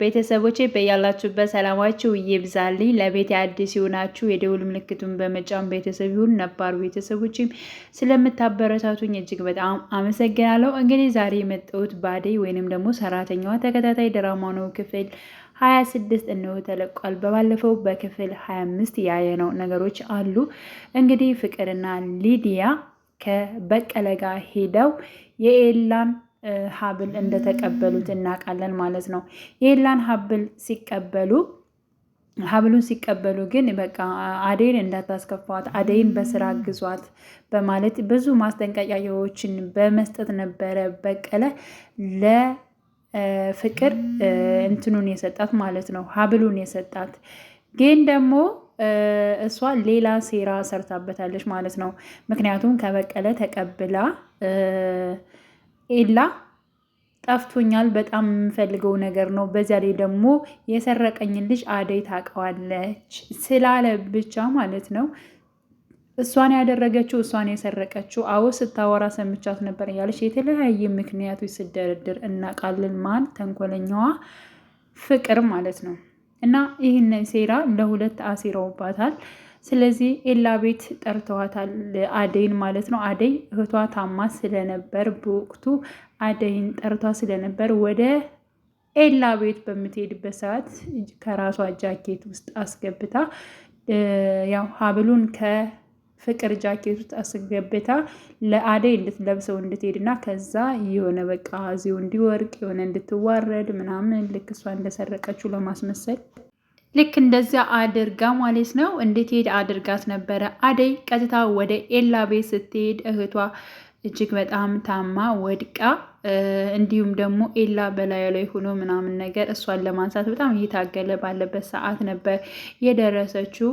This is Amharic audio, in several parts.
ቤተሰቦቼ በያላችሁበት ሰላማችሁ ይብዛልኝ። ለቤት አዲስ የሆናችሁ የደውል ምልክቱን በመጫን ቤተሰብ ይሁን። ነባሩ ቤተሰቦችም ስለምታበረታቱኝ እጅግ በጣም አመሰግናለሁ። እንግዲህ ዛሬ የመጣሁት ባደይ ወይንም ደግሞ ሰራተኛዋ ተከታታይ ድራማ ነው ክፍል ሀያ ስድስት እንሆ ተለቋል። በባለፈው በክፍል ሀያ አምስት ያየነው ነገሮች አሉ። እንግዲህ ፍቅርና ሊዲያ ከበቀለ ጋር ሄደው የኤላን ሀብል እንደተቀበሉት እናውቃለን ማለት ነው። የኤላን ሀብል ሲቀበሉ ሀብሉን ሲቀበሉ ግን በቃ አደይን እንዳታስከፋት አደይን በስራ ግዟት በማለት ብዙ ማስጠንቀቂያዎችን በመስጠት ነበረ በቀለ ለፍቅር እንትኑን የሰጣት ማለት ነው፣ ሀብሉን የሰጣት ግን ደግሞ እሷ ሌላ ሴራ ሰርታበታለች ማለት ነው። ምክንያቱም ከበቀለ ተቀብላ ኤላ ጠፍቶኛል፣ በጣም የምፈልገው ነገር ነው። በዚያ ላይ ደግሞ የሰረቀኝን ልጅ አደይ ታውቀዋለች ስላለ ብቻ ማለት ነው እሷን ያደረገችው እሷን የሰረቀችው አዎ ስታወራ ሰምቻት ነበር እያለች የተለያየ ምክንያቶች ስደረድር እናቃለን። ማን ተንኮለኛዋ ፍቅር ማለት ነው። እና ይህን ሴራ ለሁለት አሲረውባታል። ስለዚህ ኤላ ቤት ጠርተዋታል አደይን ማለት ነው። አደይ እህቷ ታማ ስለነበር በወቅቱ አደይን ጠርቷ ስለነበር ወደ ኤላ ቤት በምትሄድበት ሰዓት ከራሷ ጃኬት ውስጥ አስገብታ ያው ሀብሉን ከፍቅር ጃኬት ውስጥ አስገብታ ለአደይ እንድትለብሰው እንድትሄድና ከዛ የሆነ በቃ እዚሁ እንዲወርቅ የሆነ እንድትዋረድ ምናምን ልክ እሷ እንደሰረቀችው ለማስመሰል ልክ እንደዚያ አድርጋ ማለት ነው እንድትሄድ አድርጋት ነበረ። አደይ ቀጥታ ወደ ኤላ ቤት ስትሄድ እህቷ እጅግ በጣም ታማ ወድቃ እንዲሁም ደግሞ ኤላ በላዩ ላይ ሆኖ ምናምን ነገር እሷን ለማንሳት በጣም እየታገለ ባለበት ሰዓት ነበር የደረሰችው።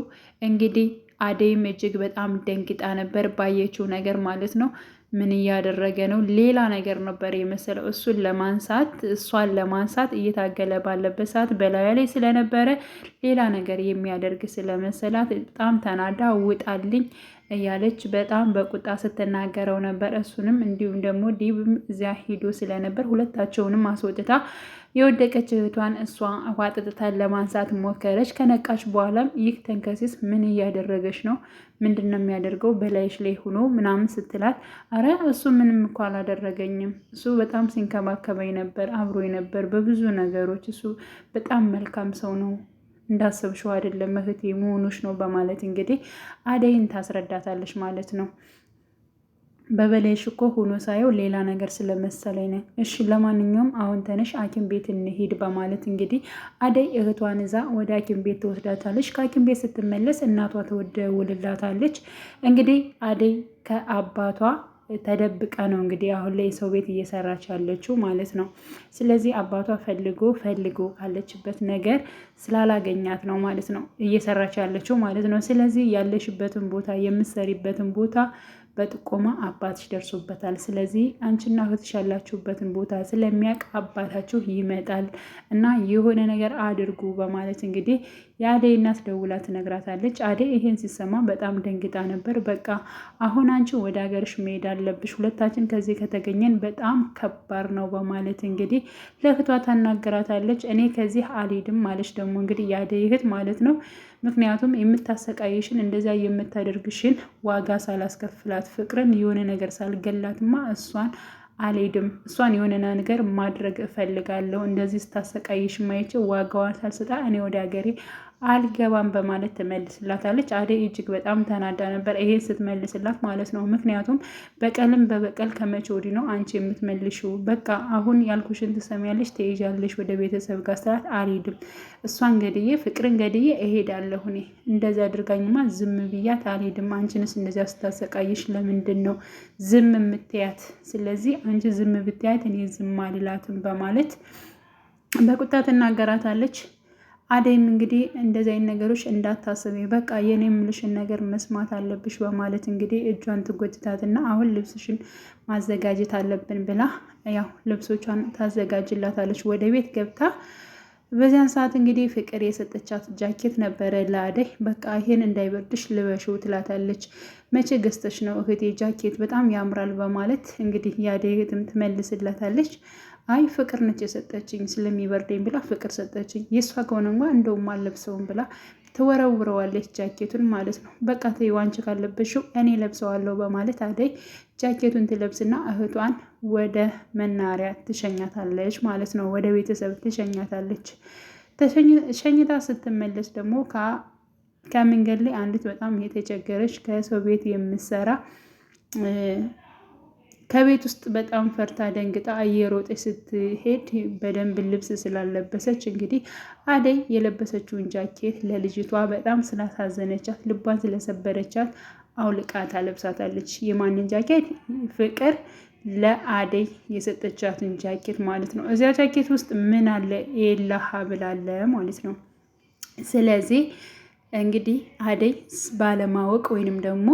እንግዲህ አደይም እጅግ በጣም ደንግጣ ነበር ባየችው ነገር ማለት ነው። ምን እያደረገ ነው? ሌላ ነገር ነበር የመሰለው። እሱን ለማንሳት እሷን ለማንሳት እየታገለ ባለበት ሰዓት በላዩ ላይ ስለነበረ ሌላ ነገር የሚያደርግ ስለመሰላት በጣም ተናዳ ውጣልኝ እያለች በጣም በቁጣ ስትናገረው ነበር። እሱንም እንዲሁም ደግሞ ዲብም እዚያ ሂዶ ስለነበር ሁለታቸውንም አስወጥታ የወደቀች እህቷን እሷ ዋጥጥታን ለማንሳት ሞከረች። ከነቃች በኋላም ይህ ተንከሲስ ምን እያደረገች ነው? ምንድን ነው የሚያደርገው በላይሽ ላይ ሆኖ ምናምን ስትላት፣ አረ እሱ ምንም እኮ አላደረገኝም። እሱ በጣም ሲንከባከበኝ ነበር፣ አብሮኝ ነበር በብዙ ነገሮች። እሱ በጣም መልካም ሰው ነው እንዳሰብሽው አይደለም እህቴ መሆኑሽ ነው በማለት እንግዲህ አደይን ታስረዳታለች ማለት ነው። በበላይሽ እኮ ሆኖ ሳየው ሌላ ነገር ስለመሰለኝ ነው። እሺ ለማንኛውም አሁን ተነሽ ሐኪም ቤት እንሄድ በማለት እንግዲህ አደይ እህቷን እዛ ወደ ሐኪም ቤት ትወስዳታለች። ከሐኪም ቤት ስትመለስ እናቷ ትደውልላታለች። እንግዲህ አደይ ከአባቷ ተደብቀ ነው እንግዲህ አሁን ላይ የሰው ቤት እየሰራች ያለችው ማለት ነው። ስለዚህ አባቷ ፈልጎ ፈልጎ ካለችበት ነገር ስላላገኛት ነው ማለት ነው እየሰራች ያለችው ማለት ነው። ስለዚህ ያለሽበትን ቦታ የምትሰሪበትን ቦታ በጥቆማ አባትሽ ደርሶበታል። ስለዚህ አንቺና እህትሽ ያላችሁበትን ቦታ ስለሚያውቅ አባታችሁ ይመጣል እና የሆነ ነገር አድርጉ በማለት እንግዲህ የአደይ እናት ደውላ ትነግራታለች። አደይ ይሄን ሲሰማ በጣም ደንግጣ ነበር። በቃ አሁን አንቺ ወደ ሀገርሽ መሄድ አለብሽ፣ ሁለታችን ከዚህ ከተገኘን በጣም ከባድ ነው በማለት እንግዲህ ለእህቷ ታናገራታለች። እኔ ከዚህ አልሄድም ማለች ደግሞ እንግዲህ የአደይ እህት ማለት ነው። ምክንያቱም የምታሰቃይሽን እንደዚያ የምታደርግሽን ዋጋ ሳላስከፍላት ፍቅርን የሆነ ነገር ሳልገላትማ እሷን አልሄድም እሷን የሆነ ነገር ማድረግ እፈልጋለሁ። እንደዚህ ስታሰቃይሽ ማይችል ዋጋዋን ሳልሰጣ እኔ ወደ ሀገሬ አልገባም በማለት ትመልስላታለች። አደይ እጅግ በጣም ተናዳ ነበር ይሄ ስትመልስላት ማለት ነው። ምክንያቱም በቀልም በበቀል ከመቼ ወዲህ ነው አንቺ የምትመልሽው በቃ አሁን ያልኩሽን ትሰሚያለሽ፣ ትሄጃለሽ ወደ ቤተሰብ ጋር ስላት አልሄድም፣ እሷን ገድዬ ፍቅርን ገድዬ እሄዳለሁ እኔ እንደዚ አድርጋኝማ ዝም ብያት አልሄድም። አንቺንስ እንደዚያ ስታሰቃይሽ ለምንድን ነው ዝም የምትያት? ስለዚህ አንቺ ዝም ብትያት እኔ ዝም አልላትም በማለት በቁጣ ትናገራታለች። አደይም እንግዲህ እንደዚህ አይነት ነገሮች እንዳታስቢ በቃ የኔ የምልሽን ነገር መስማት አለብሽ በማለት እንግዲህ እጇን ትጎትታትና አሁን ልብስሽን ማዘጋጀት አለብን ብላ ያው ልብሶቿን ታዘጋጅላታለች። ወደ ቤት ገብታ በዚያን ሰዓት እንግዲህ ፍቅር የሰጠቻት ጃኬት ነበረ ለአደይ። በቃ ይሄን እንዳይበርድሽ ልበሽው ትላታለች። መቼ ገዝተሽ ነው እህቴ ጃኬት በጣም ያምራል በማለት እንግዲህ የአደይ እህትም ትመልስላታለች። አይ ፍቅር ነች የሰጠችኝ ስለሚበርደኝ ብላ ፍቅር ሰጠችኝ፣ የእሷ ከሆነ እንኳ እንደውም አልለብሰውም ብላ ትወረውረዋለች ጃኬቱን ማለት ነው። በቃ ተይው አንቺ ካለበሽው እኔ ለብሰዋለሁ በማለት አደይ ጃኬቱን ትለብስና እህቷን ወደ መናሪያ ትሸኛታለች ማለት ነው። ወደ ቤተሰብ ትሸኛታለች። ሸኝታ ስትመለስ ደግሞ ከመንገድ ላይ አንዲት በጣም የተቸገረች ከሰው ቤት የምትሰራ ከቤት ውስጥ በጣም ፈርታ ደንግጣ እየሮጠች ስትሄድ በደንብ ልብስ ስላለበሰች እንግዲህ አደይ የለበሰችውን ጃኬት ለልጅቷ በጣም ስላሳዘነቻት ልቧን ስለሰበረቻት አውልቃታ ለብሳታለች። የማንን ጃኬት? ፍቅር ለአደይ የሰጠቻትን ጃኬት ማለት ነው። እዚያ ጃኬት ውስጥ ምን አለ? ኤላ ሀብል አለ ማለት ነው። ስለዚህ እንግዲህ አደይ ባለማወቅ ወይንም ደግሞ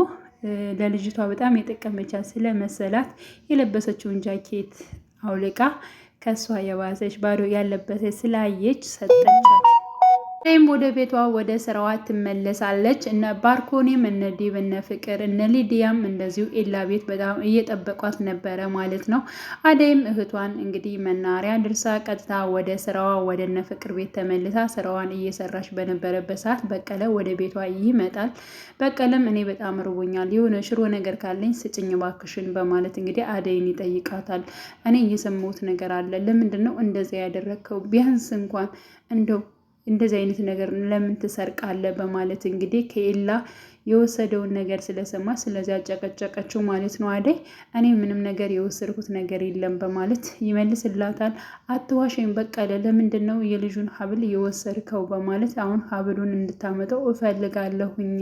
ለልጅቷ በጣም የጠቀመቻ ስለመሰላት የለበሰችውን ጃኬት አውልቃ ከእሷ የባሰች ባዶ ያለበሰች ስላየች ሰጠቻት። ወይም ወደ ቤቷ ወደ ስራዋ ትመለሳለች። እነ ባርኮኒም እነ ዲብ እነ ፍቅር እነ ሊዲያም እንደዚሁ ኤላ ቤት በጣም እየጠበቋት ነበረ ማለት ነው። አደይም እህቷን እንግዲህ መናሪያ ድርሳ ቀጥታ ወደ ስራዋ ወደ እነ ፍቅር ቤት ተመልሳ ስራዋን እየሰራች በነበረበት ሰዓት በቀለ ወደ ቤቷ ይመጣል። በቀለም እኔ በጣም ርቦኛል፣ የሆነ ሽሮ ነገር ካለኝ ስጭኝ ባክሽን በማለት እንግዲህ አደይን ይጠይቃታል። እኔ እየሰማሁት ነገር አለ፣ ለምንድን ነው እንደዚያ ያደረግከው? ቢያንስ እንኳን እንደው እንደዚህ አይነት ነገር ለምን ትሰርቃለ በማለት እንግዲህ ከኤላ የወሰደውን ነገር ስለሰማ ስለዚህ አጨቀጨቀችው ማለት ነው። አደይ እኔ ምንም ነገር የወሰድኩት ነገር የለም በማለት ይመልስላታል። አትዋሸኝ በቀለ፣ ለምንድን ነው የልጁን ሀብል የወሰድከው? በማለት አሁን ሀብሉን እንድታመጠው እፈልጋለሁኝ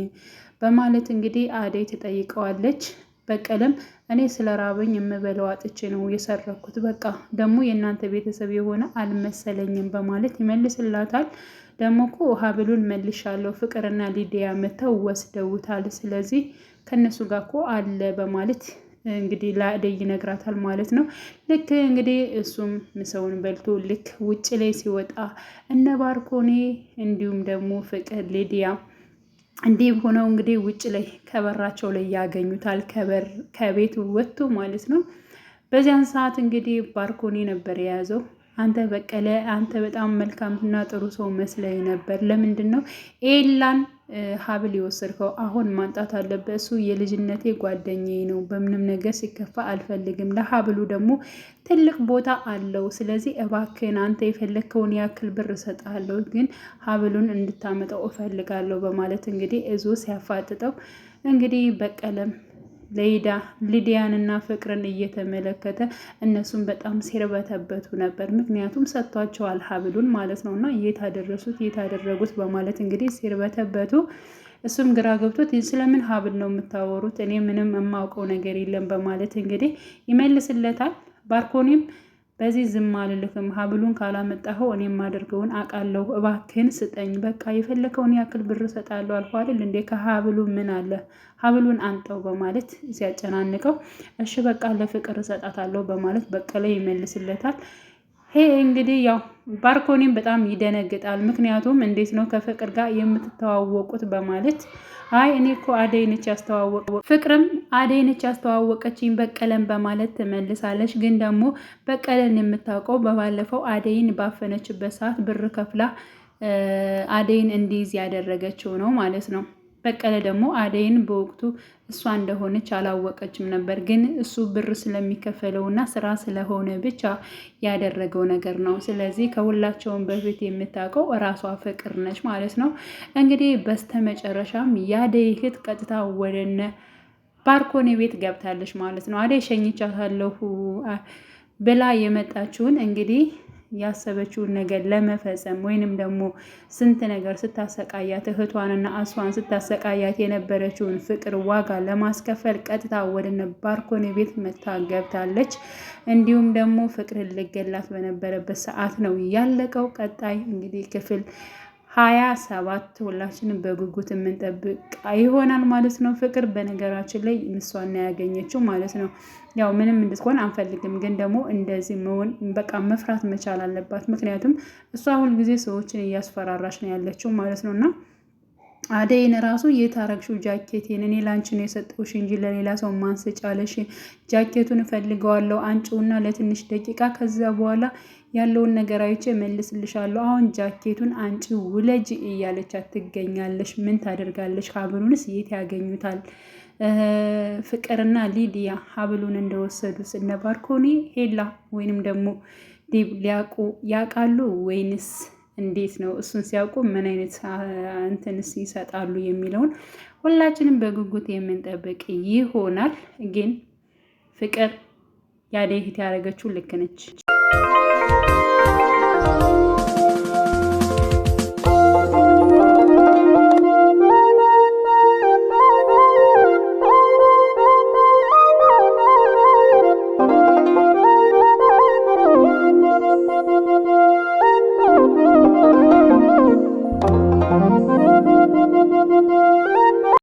በማለት እንግዲህ አደይ ትጠይቀዋለች። በቀለም እኔ ስለ ራበኝ የምበለው አጥቼ ነው የሰረኩት። በቃ ደግሞ የእናንተ ቤተሰብ የሆነ አልመሰለኝም በማለት ይመልስላታል። ደግሞ እኮ ሀብሉን መልሻለሁ፣ ፍቅርና ሊዲያ መተው ወስደውታል። ስለዚህ ከእነሱ ጋር እኮ አለ በማለት እንግዲህ ለአደይ ይነግራታል ማለት ነው። ልክ እንግዲህ እሱም ምሰውን በልቶ ልክ ውጭ ላይ ሲወጣ እነ ባርኮኔ እንዲሁም ደግሞ ፍቅር ሊዲያ እንዲህም ሆነው እንግዲህ ውጭ ላይ ከበራቸው ላይ ያገኙታል። ከበር ከቤት ወጥቶ ማለት ነው። በዚያን ሰዓት እንግዲህ ባርኮኒ ነበር የያዘው አንተ በቀለ አንተ በጣም መልካምና ጥሩ ሰው መስለኝ ነበር። ለምንድን ነው ኤላን ሀብል የወሰድከው? አሁን ማንጣት አለበት። እሱ የልጅነቴ ጓደኛዬ ነው። በምንም ነገር ሲከፋ አልፈልግም። ለሀብሉ ደግሞ ትልቅ ቦታ አለው። ስለዚህ እባክህን አንተ የፈለግከውን ያክል ብር እሰጥሃለሁ፣ ግን ሀብሉን እንድታመጣው እፈልጋለሁ በማለት እንግዲህ እዙ ሲያፋጥጠው እንግዲህ በቀለም ለይዳ ሊዲያንና ፍቅርን እየተመለከተ እነሱም በጣም ሲርበተበቱ ነበር። ምክንያቱም ሰጥቷቸዋል ሀብሉን ማለት ነው እና እየታደረሱት የታደረጉት በማለት እንግዲህ ሲርበተበቱ እሱም ግራ ገብቶት ስለምን ሀብል ነው የምታወሩት? እኔ ምንም የማውቀው ነገር የለም በማለት እንግዲህ ይመልስለታል። ባርኮኒም በዚህ ዝም አልልህም። ሀብሉን ካላመጣኸው እኔ የማደርገውን አውቃለሁ። እባክህን ስጠኝ። በቃ የፈለከውን ያክል ብር እሰጣለሁ። አልኩ አይደል እንዴ? ከሀብሉ ምን አለ? ሀብሉን አንጠው በማለት ሲያጨናንቀው፣ እሺ በቃ ለፍቅር እሰጣታለሁ በማለት በቀለ ይመልስለታል። ሄ እንግዲህ ያው ባርኮኒም በጣም ይደነግጣል። ምክንያቱም እንዴት ነው ከፍቅር ጋር የምትተዋወቁት በማለት አይ እኔ እኮ አደይነች ያስተዋወቅ ፍቅርም አደይነች ያስተዋወቀችኝ በቀለን በማለት ትመልሳለች። ግን ደግሞ በቀለን የምታውቀው በባለፈው አደይን ባፈነችበት ሰዓት ብር ከፍላ አደይን እንዲይዝ ያደረገችው ነው ማለት ነው። በቀለ ደግሞ አደይን በወቅቱ እሷ እንደሆነች አላወቀችም ነበር። ግን እሱ ብር ስለሚከፈለው እና ስራ ስለሆነ ብቻ ያደረገው ነገር ነው። ስለዚህ ከሁላቸውም በፊት የምታውቀው እራሷ ፍቅር ነች ማለት ነው። እንግዲህ በስተመጨረሻም የአደይ እህት ቀጥታ ወደነ ባርኮኔ ቤት ገብታለች ማለት ነው። አደይ ሸኝቻታለሁ ብላ የመጣችውን እንግዲህ ያሰበችውን ነገር ለመፈጸም ወይንም ደግሞ ስንት ነገር ስታሰቃያት እህቷንና አሷን ስታሰቃያት የነበረችውን ፍቅር ዋጋ ለማስከፈል ቀጥታ ወደነ ባርኮኔ ቤት መታ ገብታለች። እንዲሁም ደግሞ ፍቅር ልገላት በነበረበት ሰዓት ነው ያለቀው። ቀጣይ እንግዲህ ክፍል ሀያ ሰባት ሁላችንም በጉጉት የምንጠብቅ ይሆናል ማለት ነው። ፍቅር በነገራችን ላይ ምሷና ያገኘችው ማለት ነው ያው ምንም እንድትሆን አንፈልግም፣ ግን ደግሞ እንደዚህ መሆን በቃ መፍራት መቻል አለባት። ምክንያቱም እሷ አሁን ጊዜ ሰዎችን እያስፈራራች ነው ያለችው ማለት ነው እና አደይን ራሱ የታረግሽው ጃኬቴን እኔ ላንቺ ነው የሰጠውሽ እንጂ ለሌላ ሰው ማንስጫለሽ። ጃኬቱን እፈልገዋለሁ አንጭውና ለትንሽ ደቂቃ ከዛ በኋላ ያለውን ነገር አይቼ መልስልሻለሁ። አሁን ጃኬቱን አንጭ ውለጅ እያለች ትገኛለሽ። ምን ታደርጋለሽ? ሀብሉንስ የት ያገኙታል? ፍቅርና ሊዲያ ሀብሉን እንደወሰዱ እነ ባርኮኒ ሄላ ወይንም ደግሞ ዲብ ሊያውቁ ያውቃሉ ወይንስ እንዴት ነው? እሱን ሲያውቁ ምን አይነት እንትንስ ይሰጣሉ የሚለውን ሁላችንም በጉጉት የምንጠብቅ ይሆናል። ግን ፍቅር ያደህት ያደረገችው ልክ ነች።